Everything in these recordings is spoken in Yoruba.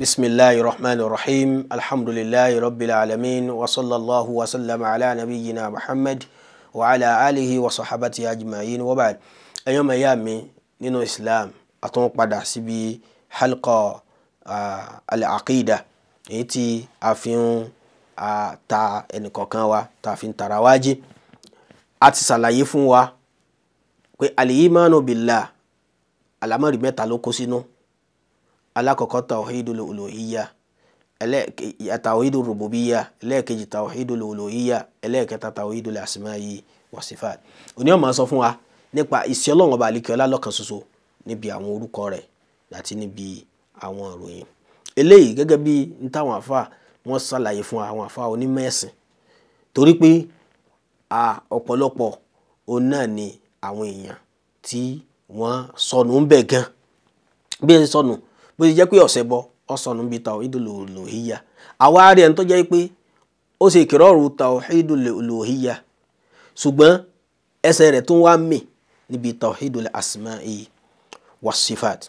بسم الله الرحمن الرحيم الحمد لله رب العالمين وصلى الله وسلم على نبينا محمد وعلى آله وصحبه أجمعين وبعد أيام أيامي نينو إسلام أتون قد سبي حلقة آه العقيدة إيتي أفين آه تا ẹnìkọ̀ọ̀kan wa ta fi ń tara wá jí a ti ṣàlàyé fún wa pé ala tawhidul uluhiyya tawhidul rububiyya ẹlẹ́ẹ̀kejì tawhidul uluhiyya ẹlẹ́ẹ̀kẹta tawhidul asma'i wa sifat òní ọ̀ma sọ fún wa nípa ìsìn Ọlọ́run ọba àlekèọ́lá lọ́kan ṣoṣo níbi àwọn orúkọ rẹ̀ àti níbi àwọn ìròyìn eléyìí gẹ́gẹ́ bí n bi àfa wọ́n ṣàlàyé fún àwọn àfa onímọ̀ ẹ̀sìn torí pé a òun ni ti gan bó ti jẹ́ pé ọ̀sẹ̀ bọ ọ̀sọ̀nù bíi tawhidul uluhiyya àwa rí ẹni tó jẹ́ pé ó ṣe ìkìrọ̀rù tawhidul uluhiyya ṣùgbọ́n ẹsẹ̀ rẹ̀ tún wá mì níbi tawhidul wasifat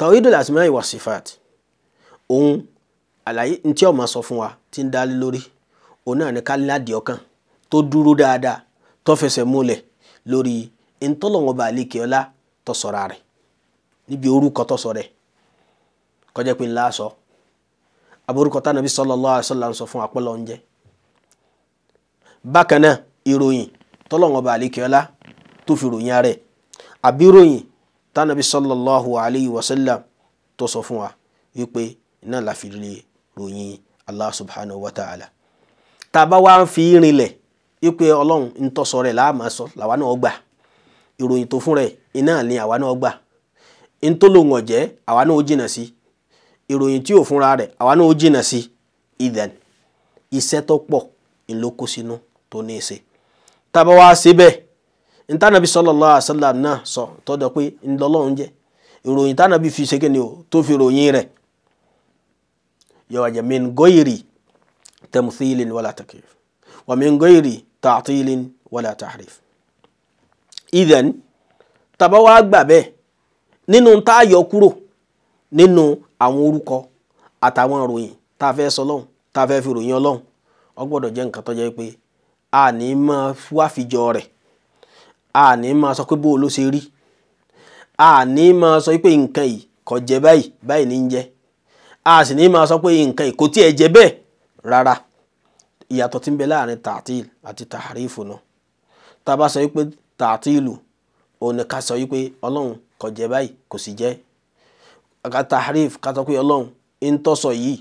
tawhidul asma'i wasifat òun àlàyé ntí ó máa sọ fún wa ti ń dálé lórí òun náà ní ká ládìí ọkàn tó dúró dáadáa tó fẹsẹ̀ múlẹ̀ lórí ntọ́lọ́wọ́n bá rẹ̀ níbi orúkọ rẹ̀ kọjá pé ńlá sọ aborúkọ tá nàbí sallallahu alaihi wasallam ń sọ fún apẹlọ oúnjẹ bákan náà ìròyìn tọlọ́wọ́n bá àlékèọ́lá tó fi ròyìn rẹ̀ àbí ròyìn tá nàbí sallallahu alaihi wasallam tó sọ fún wa wípé iná la fi lè ròyìn Allah subhanahu wa ta'ala tá a bá wá ń fi rinlẹ̀ wípé ọlọ́run ń tọ́sọ rẹ̀ láàmà sọ làwa náà gbà ìròyìn tó fún rẹ̀ iná ni àwa náà gbà ń tó lòun ọ̀jẹ́ àwa náà jìnnà sí i ìròyìn tí ò fúnra rẹ̀ àwa náà ó jìnnà sí ìdẹ̀n iṣẹ́ tó pọ̀ ńlọ́kọ́ sínú tó ní í ṣe tábà wá sí bẹ́ẹ̀ ntànàbí sallallahu alaihi wasallam náà sọ tọ́jọ́ pé ńlọ́lọ́run jẹ́ ìròyìn tànàbí fi ṣe kíni o tó fi ròyìn rẹ̀ yọ̀wá jẹ́ min goyiri tamthilin wala takrif wa min goyiri ta'tilin wala tahrif tábà wá gbà bẹ́ẹ̀ nínú tá kúrò nínú àwọn orúkọ àtàwọn ìròyìn tá a fẹ́ sọ lọ́hùn tá a fẹ́ fi ròyìn ọlọ́hùn ó gbọ́dọ̀ jẹ́ nǹkan tó jẹ́ pé a ní máa wá fìjọ rẹ̀ a ní máa sọ pé bó o ló ṣe rí a ní máa sọ pé nǹkan yìí kò jẹ́ báyìí báyìí ní ń jẹ́ a sì ní máa sọ pé nǹkan yìí kò tiẹ̀ jẹ́ bẹ́ẹ̀ rárá ìyàtọ̀ tí ń bẹ láàrin tààtìl àti tààrífù náà tá a bá sọ pé tààtìlù òun ni ká sọ pé ọlọ́run kò jẹ́ báyìí kò sì jẹ́ tahrif ká sọ pé ọlọ́run ń tọ́sọ̀ yìí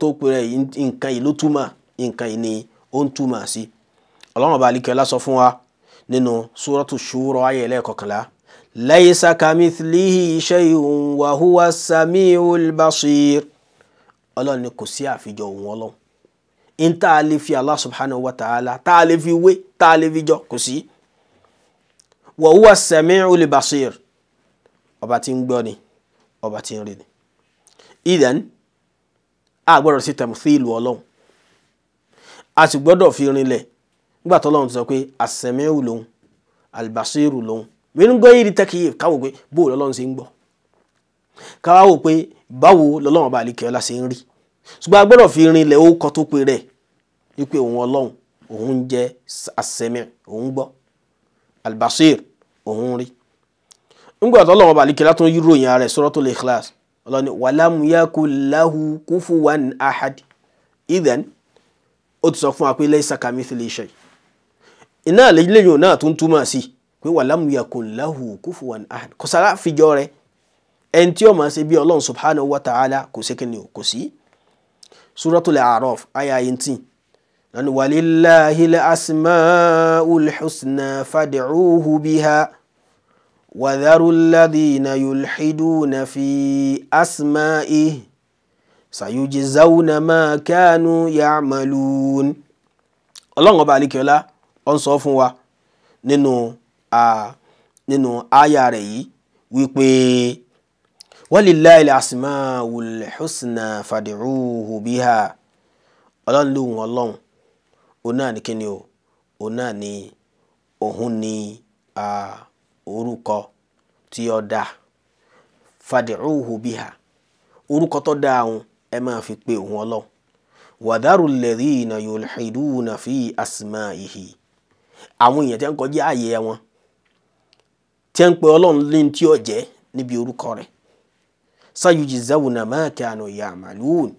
tó pèrè nǹkan yìí ló túmọ̀ nǹkan yìí ni ó ń túmọ̀ sí ọlọ́run ọba àlìkẹ́ ọlá sọ fún wa nínú suratu shura ayé ẹlẹ́ẹ̀kọkànlá laysa kamithlihi shay'un wa huwa samiul basir ọlọ́run ni kò sí àfijọ́ òun ọlọ́run ń tá a lè fi Allah subhanahu wa ta'ala tá a lè fi wé tá a lè fi jọ kò sí wa huwa samiul ọba tí ń gbọ́ ni ọba tí ń rí ni ìdán a gbọ́dọ̀ sí tamthil ọlọ́run a sì gbọ́dọ̀ fi rinlẹ̀ nígbà tó lọ́run ti sọ pé as-sami'u lòun al-basiru lòun gbẹ́nugbọ́ yìí tẹ́kìyè káwọ́ pé bóò lọ́lọ́run ṣe ń gbọ́ káwá wò pé báwo lọ́lọ́run ọba àlekè ọlá ṣe ń rí ṣùgbọ́n a gbọ́dọ̀ fi rinlẹ̀ ó kọ́ tó pe rẹ̀ wípé òun ọlọ́run òun jẹ́ as òun gbọ́ al òun rí ńgbà tó lọ́wọ́ balikẹ́lá tó ń yí ròyìn ara ẹ̀ Suratul Ikhlas ọlọ́ni wàlámù yákù láhu kufuwan ahad ìdẹ́n ó ti sọ fún wa pé laysa kamithlihi shay iná lẹ́yìn náà tó ń túmọ̀ sí pé wàlámù yákù láhu kufuwan ahad kò sára fìjọ rẹ ẹni tí ó máa ṣe bí ọlọ́run subhanahu wa ta'ala kò sí kí ni kò sí Suratul A'raf aya 18 lọ́ni walillahil asmaul husna fad'uhu biha. وذروا الذين يلحدون في أسمائه سيجزون ما كانوا يعملون ọlọ́run ọba àlekèọ́lá ọ ń sọ fún wa nínú nínú àyà rẹ̀ yìí wípé walillahi al-asmaul husna fad'uhu biha ọlọ́run lóhùn ọlọ́run òun náà ní kíni o òun náà ní òun ní. Uh, orúkọ tí ó dáa fad'uhu biha orúkọ tó òun ẹ máa fi pe òun ọlọ wàdàrú alladhina yulhiduna fi asma'ihi àwọn èèyàn tí wọ́n kọjá ààyè wọn tí wọ́n pe ọlọ́run ní tí ó jẹ́ níbi orúkọ rẹ̀ sayujizawna ma kanu ya'malun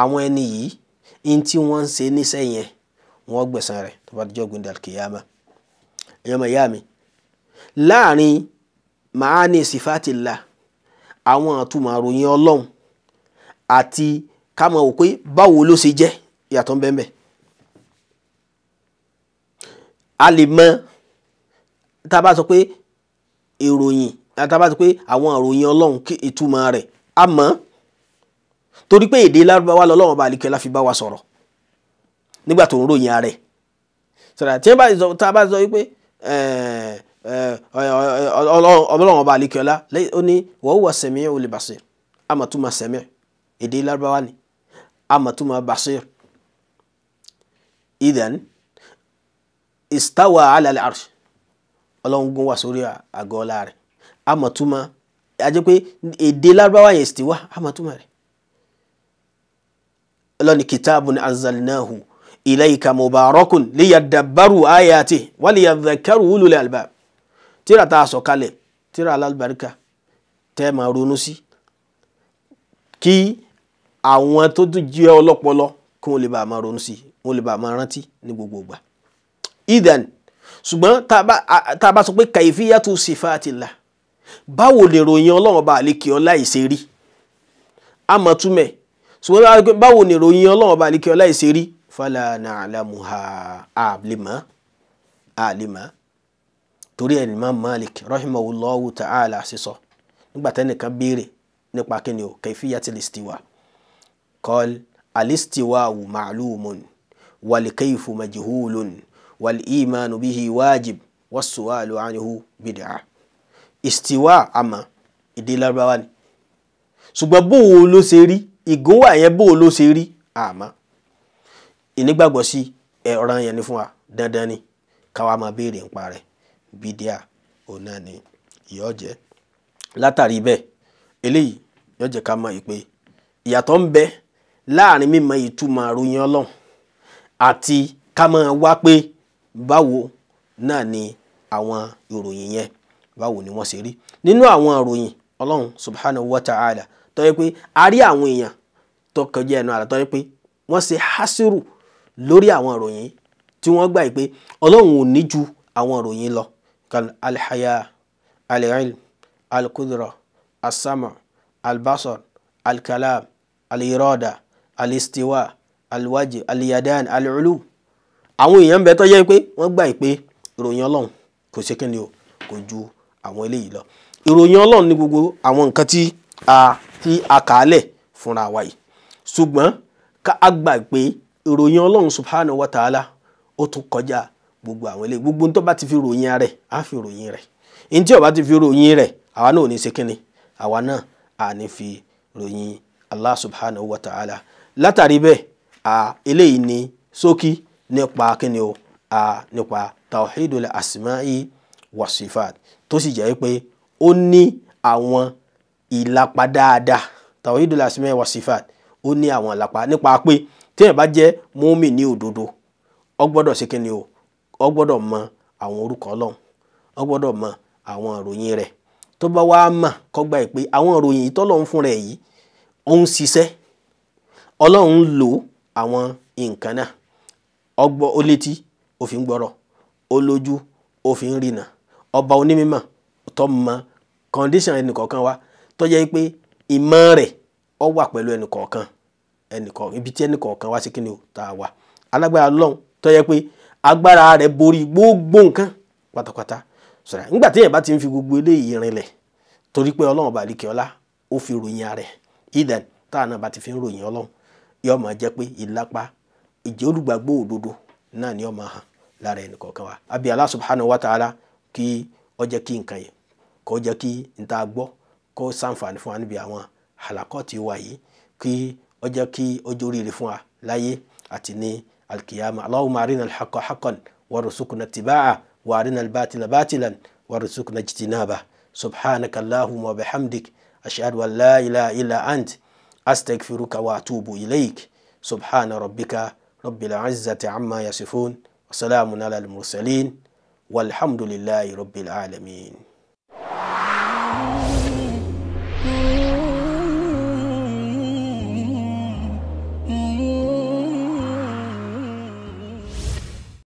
àwọn ẹni yìí in tí wọ́n ń ṣe níṣẹ́ yẹn wọ́n gbẹ̀san rẹ̀ tó bá láàrin maani sifatila àwọn àtúmọ̀ àròyìn ọlọ́run àti ká mọ̀ wò pé báwo ló ṣe jẹ́ ìyàtọ̀ ń bẹ́ẹ̀ a lè mọ tá a bá sọ pé ìròyìn tá a bá sọ pé àwọn àròyìn ọlọ́run ìtumọ̀ rẹ̀ a mọ̀ torí pé èdè lárúbáwá lọ́lọ́run ọba àlìkẹ́lá fi bá wa sọ̀rọ̀ nígbà tó ń ròyìn ara rẹ̀ sọ̀rọ̀ tí a bá sọ pé Eh, eh, eh, ọlọ́run ọba àlekíọ́lá ó ní wa huwa sami'ul basir àmọ̀túmọ̀ sẹ̀mí èdè lárúbáwá ni àmọ̀túmọ̀ basir idan istawa ala al-arsh ọlọ́run gún wá sórí àgọ́ ọlá rẹ̀ àmọ̀túmọ̀ ajẹ́ pé èdè lárúbáwá yẹn istiwa àmọ̀túmọ̀ rẹ̀ ọlọ́ni kìtàbùn anzalnahu ilayka mubarakun liyadabbaru ayati wa liyadhakkaru ulul albab tíra tá a sọ kalẹ̀ tíra alálùbáríkà tẹ́ ẹ máa ronú sí kí àwọn tó jẹ́ ọlọ́pọlọ kí wọ́n lè bá a máa ronú sí wọ́n lè bá a máa rántí ní gbogbo ìgbà. idan ṣùgbọ́n tá a bá sọ pé kàyéfìyàtú sifatillah báwo lè ròyìn ọlọ́run bá àlékè ọlá ìṣe rí àmọ́ túmẹ̀ ṣùgbọ́n báwo lè ròyìn ọlọ́run bá àlékè ọlá ìṣe rí fala na'lamuha àlèmọ́ àlèmọ́ torí ẹ̀ Imam Malik rahimahullahu ta'ala sísọ nígbà tẹ́nìkan béèrè nípa kíni o kayfiyatil istiwa qal al-istiwa'u ma'lumun wal-kayfu majhulun wal-imanu bihi wajib was-su'alu anhu bid'ah istiwa àmọ́ èdè Lárúbáwá ni ṣùgbọ́n bó o ló ṣe rí ìgúnwà yẹn bó o ló ṣe rí àmọ́ ìnígbàgbọ́ sí ọ̀ràn yẹn ni fún wa dandan ni káwa máa béèrè nípa rẹ̀ bídíà òun náà ni ìyọ́ látàrí bẹ́ẹ̀ eléyìí yóò jẹ́ ká mọ̀ yìí pé ìyàtọ̀ ń bẹ láàrin mímọ̀ ìtumọ̀ àròyìn ọlọ́run àti ká máa wá pé báwo náà ni àwọn ìròyìn yẹn báwo ni wọ́n ṣe rí nínú àwọn ìròyìn ọlọ́run subhanahu wa ta'ala tó pé a rí àwọn èèyàn tó ẹnu àrà tó pé wọ́n ṣe hásírù lórí àwọn ìròyìn tí wọ́n gbà yìí pé ọlọ́run ò ní ju àwọn ìròyìn lọ كالحياة العلم القدرة السمع البصر الكلام الإرادة الاستواء الوجه اليدان العلو àwọn èèyàn bẹ tó yẹ pé wọ́n gbà pé ìròyìn Ọlọ́run kò ṣe kíni o kò ju àwọn eléyìí lọ ìròyìn Ọlọ́run ní gbogbo àwọn nǹkan tí a ti àkàálẹ̀ fúnra wa yìí ṣùgbọ́n ká a gbà pé ìròyìn Ọlọ́run subhanahu wa ta'ala ó tún kọjá gbogbo àwọn eléyìí gbogbo tó bá ti fi ròyìn rẹ̀ á fi ròyìn rẹ̀ ní tí ti fi ròyìn rẹ̀ àwa náà ò ní ṣe kínni àwa náà à ní fi ròyìn Allah subhanahu wa ta'ala látàrí bẹ́ẹ̀ à eléyìí ní ṣókí nípa kínni o à nípa tawhidul asma'i wasifat sifat tó sì jẹ́ pé ó ní àwọn ìlapa dáadáa tawhidul asma'i wa sifat ó ní àwọn ìlapa nípa pé téèyàn bá jẹ́ mùmínì ní òdodo ó gbọ́dọ̀ ṣe kínni o ọ gbọ́dọ̀ mọ àwọn orúkọ ọlọ́run ọ gbọ́dọ̀ mọ àwọn ìròyìn rẹ̀ tó bá wàá mà kọ́gbà yìí pé àwọn ìròyìn yìí tọ́lọ́run fún rẹ̀ yìí ó ń ṣiṣẹ́ ọlọ́run ń àwọn nǹkan náà ọgbọ́ ó létí ó fi ń gbọ́rọ̀ ó lójú ó fi ń rìnà ọba onímọ̀ tó mọ kọ́ndíṣàn ẹnìkọ̀ọ̀kan wa tó jẹ́ pé ìmọ̀ rẹ̀ ọ wà pẹ̀lú ẹnìkọ̀ọ̀kan ẹnìkọ̀ọ̀kan ibi tí ẹnìkọ̀ọ̀kan wá sí kíni ni tá ta wà alágbára ọlọ́run tó yẹ pé agbara rẹ borí gbogbo nǹkan pátápátá sọrọ nígbà téèyàn bá ti ń fi gbogbo eléyìí rinlẹ̀ torí pé ọlọ́run bá àlekè ọlá ó fi ròyìn rẹ idan táà náà bá ti fi ń ròyìn ọlọ́run yóò máa jẹ pé ìlápá ìjẹ́ olùgbàgbọ́ òdodo náà ni yóò máa hàn lára ẹnì kọ̀ọ̀kan wa àbí Allah subhanahu wa ta'ala kí fún wa níbi àwọn àlàkọ́ tí ó wà yìí kí ọ kí fún wa láyé àti ní القيامة اللهم أرنا الحق حقا وارزقنا اتباعه وأرنا الباطل باطلا وارزقنا اجتنابه سبحانك اللهم وبحمدك أشهد أن لا إله إلا أنت أستغفرك وأتوب إليك سبحان ربك رب العزة عما يصفون وسلام على المرسلين والحمد لله رب العالمين